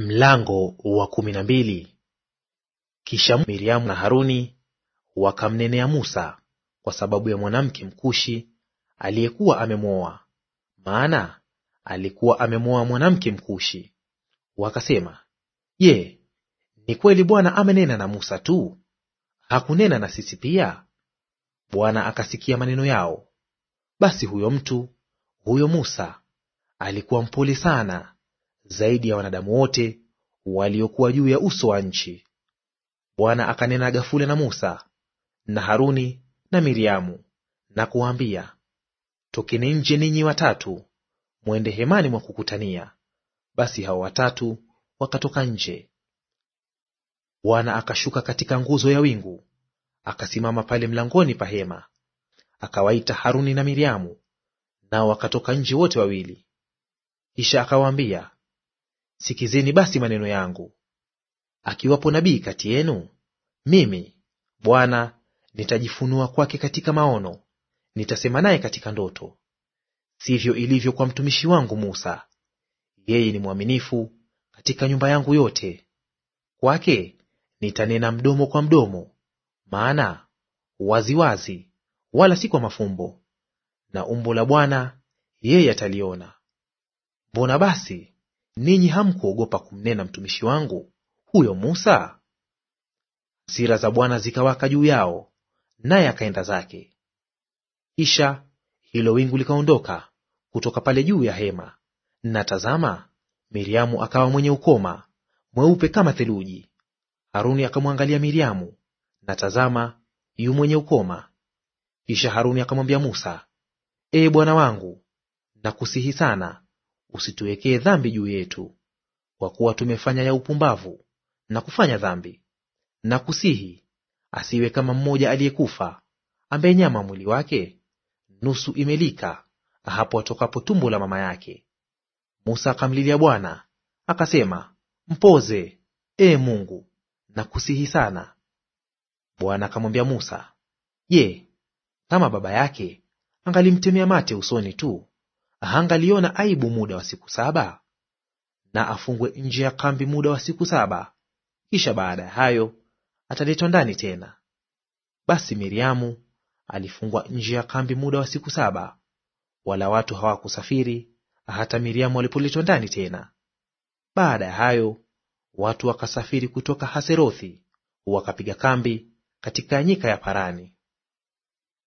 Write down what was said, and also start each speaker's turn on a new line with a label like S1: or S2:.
S1: Mlango wa kumi na mbili. Kisha Miriamu na Haruni wakamnenea Musa kwa sababu ya mwanamke mkushi aliyekuwa amemwoa, maana alikuwa amemwoa mwanamke mkushi. Wakasema, Je, ni kweli Bwana amenena na Musa tu? Hakunena na sisi pia? Bwana akasikia maneno yao. Basi huyo mtu huyo Musa alikuwa mpole sana zaidi ya wanadamu wote waliokuwa juu ya uso wa nchi. Bwana akanena ghafula na Musa na Haruni na Miriamu na kuwaambia, tokeni nje ninyi watatu mwende hemani mwa kukutania. Basi hao watatu wakatoka nje. Bwana akashuka katika nguzo ya wingu, akasimama pale mlangoni pa hema, akawaita Haruni na Miriamu, nao wakatoka nje wote wawili. Kisha akawaambia, Sikizeni basi maneno yangu. Akiwapo nabii kati yenu, mimi Bwana nitajifunua kwake katika maono, nitasema naye katika ndoto. Sivyo ilivyo kwa mtumishi wangu Musa; yeye ni mwaminifu katika nyumba yangu yote. Kwake nitanena mdomo kwa mdomo, maana waziwazi wazi, wala si kwa mafumbo; na umbo la Bwana yeye ataliona. Mbona basi ninyi hamkuogopa kumnena mtumishi wangu huyo Musa? Hasira za Bwana zikawaka juu yao, naye akaenda zake. Kisha hilo wingu likaondoka kutoka pale juu ya hema, na tazama, Miriamu akawa mwenye ukoma mweupe kama theluji. Haruni akamwangalia Miriamu, na tazama, yu mwenye ukoma. Kisha Haruni akamwambia Musa, Ee Bwana wangu, nakusihi sana usituwekee dhambi juu yetu, kwa kuwa tumefanya ya upumbavu na kufanya dhambi. Na kusihi asiwe kama mmoja aliyekufa, ambaye nyama mwili wake nusu imelika hapo atokapo tumbo la mama yake. Musa akamlilia Bwana akasema, mpoze e Mungu, na kusihi sana. Bwana akamwambia Musa, Je, kama baba yake angalimtemea mate usoni tu, hangaliona aibu muda wa siku saba? Na afungwe nje ya kambi muda wa siku saba, kisha baada ya hayo ataletwa ndani tena. Basi Miriamu alifungwa nje ya kambi muda wa siku saba, wala watu hawakusafiri hata Miriamu alipoletwa ndani tena. Baada ya hayo watu wakasafiri kutoka Haserothi wakapiga kambi katika nyika ya Parani.